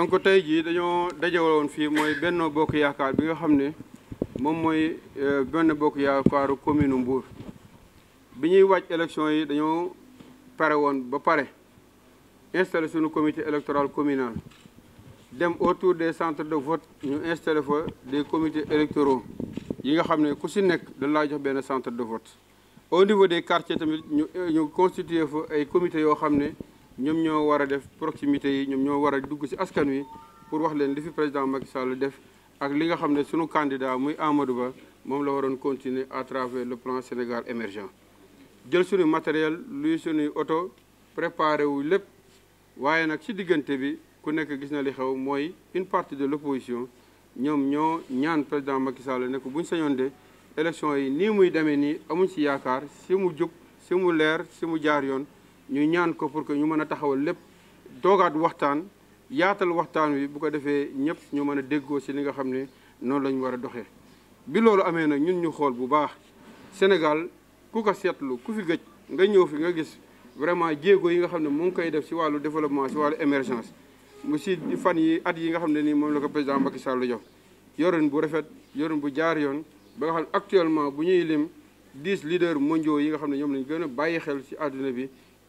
donc tey jii dañoo dajewaloon fi moy Benno Bokk Yaakaar bi nga xamné mom moy mooy euh, Benno Bokk Yaakaaru commune Mbour bi ñuy élection yi dañoo paré won ba paré installé suñu comité électoral communal dem autour des centres de vote ñu installer fa des comités électoraux yi nga xamné ne ku si nekk dañ la jox benn centre de vote au niveau des quartiers tamit ñu ñu constitué fa ay comités yo xamné ñom ñoo wara def proximité yi ñom ñoo wara a dugg ci askan wi pour wax leen li fi président Macky Sall def ak li nga xamné suñu candidat muy Amadou Ba mom la waron continuer à travers le plan Sénégal émergent jël suñu matériel luy suñu auto préparé wu lepp waye nak ci digënté bi ku nekk gis na li xew moy une partie de l'opposition ñom ñoo ñaan président Macky Sall ne buñ sañon dé élection yi ni muy demee ni amuñ ci yaakar si mu jub si mu mu jaar yoon ñu ñaan ko pour que ñu mën a taxawal lépp doogaat waxtaan yaatal waxtaan wi bu ko defee ñëpp ñu mën a déggoo ci li nga xam ne noonu lañu war a doxee. bi loolu amee nag ñun ñu xool bu baax Sénégal ku ko seetlu ku fi gëj nga ñëw fi nga gis vraiment jéego yi nga xam ne mu ngi koy def ci wàllu développement ci wàllu émergence. mu ci fan yi at yi nga xam ne nii moom la ko président Macky Sall jox yorin bu rafet yorin bu jaar yoon ba nga xam ne actuellement bu ñuy lim dix leaders mondiaux yi nga xam ne ñoom lañ gën a bàyyi xel ci àdduna bi.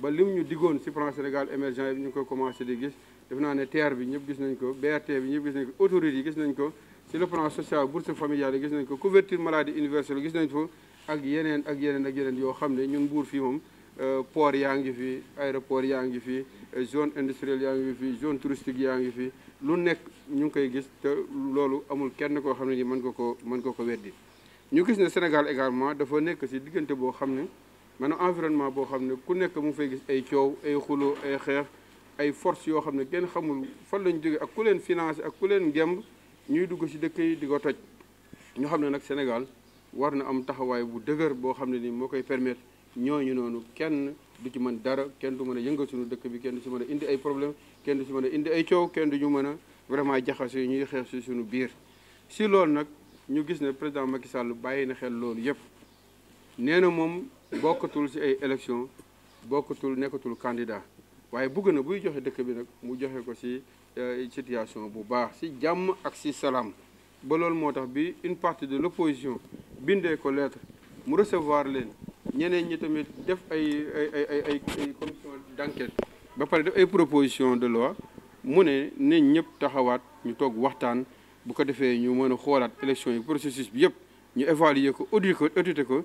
ba lim ñu diggoon ci plan Sénégal émergent bi ñu ko commencé di gis def naa ne TER bi ñëpp gis nañ ko BRT bi ñëpp gis nañ ko autorité yi gis nañ ko ci le plan social bourse familiale gis nañ ko couverture maladie universelle gis nañ ko ak yeneen ak yeneen ak yeneen yoo xam ne ñun Mbour fii moom euh, port yaa ngi fi aéroport yaa ngi fi euh, zone industrielle yaa ngi fi zone touristique yaa ngi fi lu nekk ñu ngi koy gis te loolu amul kenn koo xam ne ni mën nga ko mën ko ko weddi ñu gis ne Sénégal également dafa nekk ci diggante boo xam ne maanaam environnement boo xam ne ku nekk mu fay gis ay coow ay xuloo ay xeex ay force yoo xam ne kenn xamul fan lañu jógee ak ku leen financé ak ku leen ngemb ñuy dugg ci dëkk yi di ko toj ñu xam ne nag Sénégal war na am taxawaay bu dëgër boo xam ne ni moo koy permettre ñooñu noonu kenn du ci mën dara kenn du mën a yëngal suñu dëkk bi kenn du ci mën a indi ay problème kenn du ci mën a indi ay coow kenn du ñu mën a vraiment jaxase ñuy xeex si suñu biir si loolu nag ñu gis ne président Macky Sall bàyyi na xel loolu yëpp nee mom moom ci ay élection bokkatul nekkatul candidat waye bëgg na buy joxe dëkk bi nak mu joxe ko ci euh, situation bu baax ci jàmm ak ci salam ba loolu motax bi une partie de l'opposition bindé ko lettre mu recevoir len ñeneen ñi tamit def ay ay ay ay commission d'enquête ba pare def ay proposition de loi mu ne nañ ñëpp taxawaat ñu toog waxtaan bu ko defee ñu mën a xoolaat élection yi processus bi yëpp ñu évaluer ko auditer ko auditer ko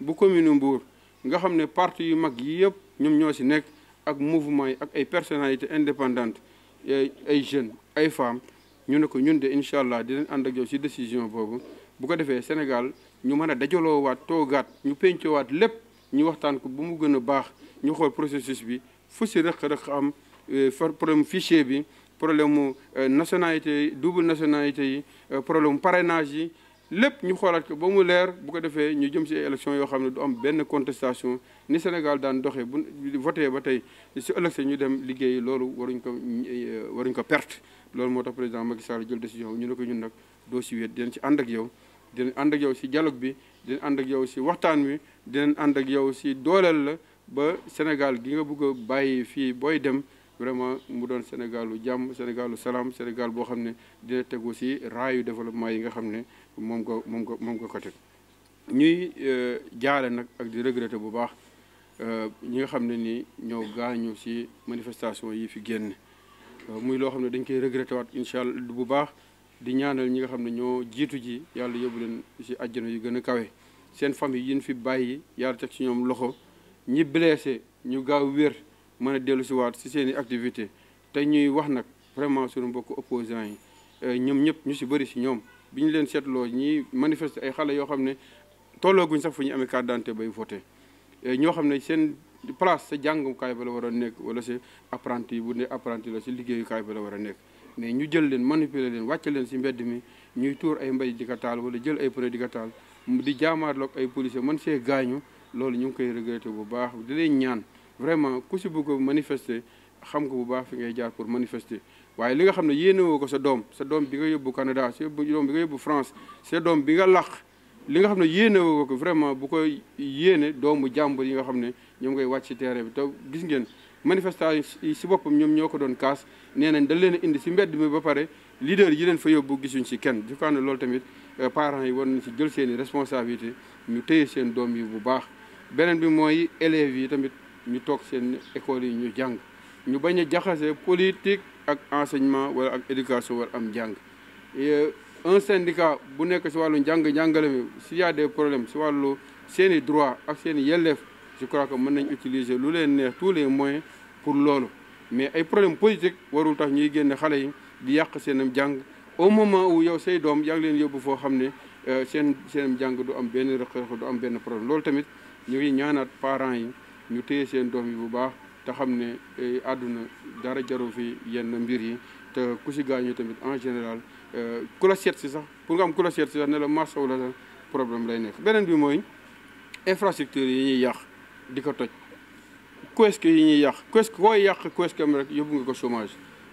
bu commune Mbour nga avons ne parti yu mag yi yëpp mouvement nous ak personnalité indépendante jeunes ay femmes Nous ne ko de Inshallah, si décision nous bu ko Sénégal ñu nous a dajaloowaat Nous ñu nous avons nous waxtaan ko bu mu Nous avons baax processus bi nous euh, problème fichier bi problème euh, nationalité double nationalité euh, problème parrainage lepp ñu xoolaat ko ba mu leer bu ko defee ñu jëm si élection yoo xam du am contestation ni Sénégal daan bu voté ba si ñu dem liggéey loolu waruñ ko waruñ ko perte loolu moo tax président Macky Sall jël décision ñu ne ñun nag doo si wéet dinañ Nous yow dinañ ànd yow si dialogue bi dinañ ànd yow si wi yow si dooleel la ba Sénégal gi nga bëgg dem vraiment mu doon Sénégal. jàmm Nous Sénégal boo xam ne dina tegu si développement yi nga xam moom ko moom ko moom ko ko teg ñuy euh, jaale nag ak di regretter bu baax euh, ñi nga xam ne ni ñoo gaañu ci manifestation yi fi génn euh, muy loo xam ne dañ koy regretter waat incha allah bu baax di ñaanal ñi nga xam ne ñoo jiitu ji yàlla yóbbu leen ci àjjana yu gën a kawe seen famille yi ñu fi bàyyi yàlla teg ci ñoom loxo ñi blessé ñu gaaw wér mën a dellu ci waat ci seen i activité te ñuy wax nag vraiment suñu mbokku opposants yi ñoom ñëpp ñu si bëri ci ñoom bi ñu leen seetloo ñi manifester ay xale yoo xam ne tollooguñ sax fu ñu amee carte d'identité bay voté eh, ñoo xam ne seen place sa jàngukaay ba la war a nekk wala sa apprenti bu ne apprenti la si liggéeyukaay ba la war a nekk mais ñu jël leen manipuler leen wàcc leen si mbedd mi ñuy tuur ay mbay di taal wala jël ay pneu di ko taal di jaamaarloog ay policiers man see gaañu loolu ñu ngi koy regretté bu baax di leen ñaan vraiment ku si bëgg manifester xam ko bu baax fi ngay jaar pour manifester waaye li nga xam ne yéene ko sa doom sa doom bi nga yóbbu Canada sa doom bi nga yóbbu France sa doom bi nga laq li nga xam ne yéene ko vraiment bu koy yéene doomu jàmbur yi nga xam ne ñoom ngay wàcc ci terrain bi te gis ngeen manifestation si boppam ñoom ñoo ko doon kaas nee nañ dañ leen indi si mbedd mi ba pare leader yi leen fa yóbbu gisuñ si kenn je crois ne loolu tamit euh, parent yi war nañ si jël seeni i responsabilité ñu téye seen doom yi bu baax beneen bi mooy élèves yi tamit ñu toog seen école yi ñu jàng ñu bañ a jaxase politique ak enseignement wala ak éducation wala am jàng euh, un syndicat bu nekk si wàllu njàng njàngale mi s'il y a des problèmes si wàllu seen i droit ak seen yelleef je crois que mën nañ utiliser lu leen neex tous les moyens pour loolu mais ay problème politique warul tax ñuy génne xale yi di yàq seenam jàng au moment où yow say doom yaa ngi leen yóbbu foo xam ne euh, seen seenam jàng du am benn rëq-rëq du am benn problème loolu tamit ñu ngi ñaanaat parent yi ñu téye seen doom yi bu baax te xam ne eh, àdduna dara jaru fi yenn mbir yi te ku si gaañu tamit en général eh, ku la seet si sax pour nga am ku la seet si sax ne la marsaw problème lay nekk beneen bi mooy infrastructure yi ñuy yàq di ko toj kiosque yi ñuy yàq kiosque kooy yàq kiosque am rek yóbbu nga ko chômage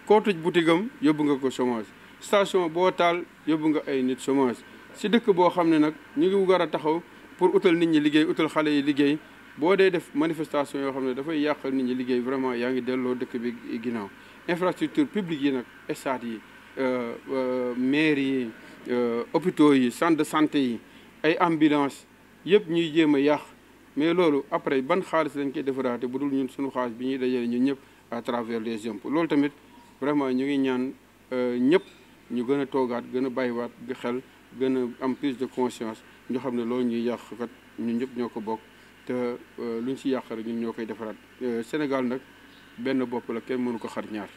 koo toj boutique am yóbbu nga ko chômage station boo taal yóbbu nga ay nit chômage si dëkk boo xam ne nag ñu ngi war a taxaw pour utal nit ñi liggéey utal xale yi liggéey boo dee def manifestation yoo xam ne dafay yàqal nit ñi liggéey vraiment yaa ngi delloo dëkk bi ginaaw infrastructure publique yi nag stade yi euh, euh, maire yi euh, hôpitaux yi centre de santé yi ay ambulance yëpp ñuy jéem a yàq mais loolu après ban xaalis lañ koy defaraate bu dul ñun suñu xaalis bi ñuy dajale ñun ñëpp à travers les impôts loolu tamit vraiment ñu ngi ñaan ñëpp ñu gën a toogaat gën a bàyyiwaat xel gën a am prise de conscience ñu xam ne loolu ñuy yàq kat ñun ñëpp ñoo ko bokk te euh, lu ñu si yàq rek ñun ñoo koy defaraat euh, Sénégal nag benn bopp la kenn mënu ko xarñaar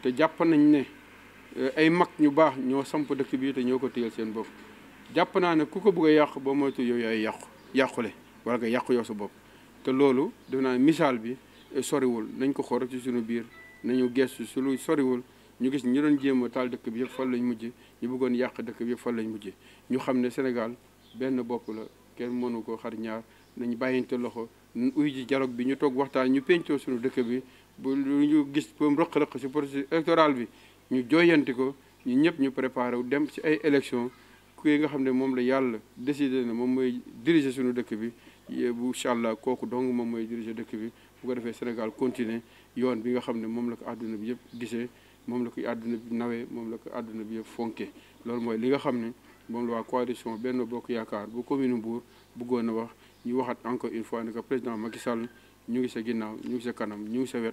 te jàpp nañ ne euh, ay mag ñu baax ñoo samp dëkk bi te ñoo ko téyal seen bopp jàpp naa ne ku ko bëgg a yàq ba moytu yow yaay yàqu yàqule wala nga yàqu yow sa bopp te loolu def naa misaal bi soriwul nañ ko xool ci suñu biir nañu gestu su lu soriwul ñu gis ñu doon jéem a taal dëkk bi yëpp fan lañ mujje ñu buggoon yàq dëkk bi yëpp fan lañ mujje ñu xam ne Sénégal benn bopp la kenn mënu ko xar nañ bàyyinte loxo uy ji dialogue bi ñu toog waxtaan ñu pencoo suñu dëkk bi bu lu ñu gis comme rëq-rëq si processus électoral bi ñu jooyanti ko ñu ñëpp ñu préparer wu dem si ay élection ki nga xam ne moom la yàlla décidé na moom mooy diriger suñu dëkk bi bu incha allah kooku dong moom mooy diriger dëkk bi bu ko Sénégal continuer yoon bi nga xam ne moom la ko àdduna bi yëpp gisee moom la ko àdduna bi nawee moom la ko àdduna bi yëpp fonkee loolu mooy li nga xam ne moom la waa coalition benn Bokk Yaakaar bu commune buur buggoon a wax ñu waxat encore une fois que président Macky Sall ñu ngi sa ginnaaw ñu ngi sa kanam ñu ngi sa wet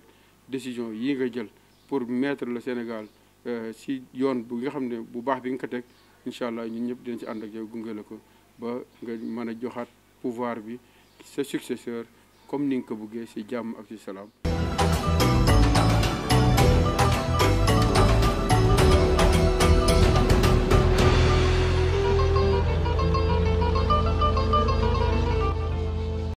décision yi nga jël pour mettre le Sénégal euh, si yoon bu nga xam ne bu baax bi nga ko teg insha allah ñun ñëpp dinañ ci ànd ak yow gungale ko ba nga mën a pouvoir bi sa successeur comme ni nga ko buggee si jàmm ak si salaam.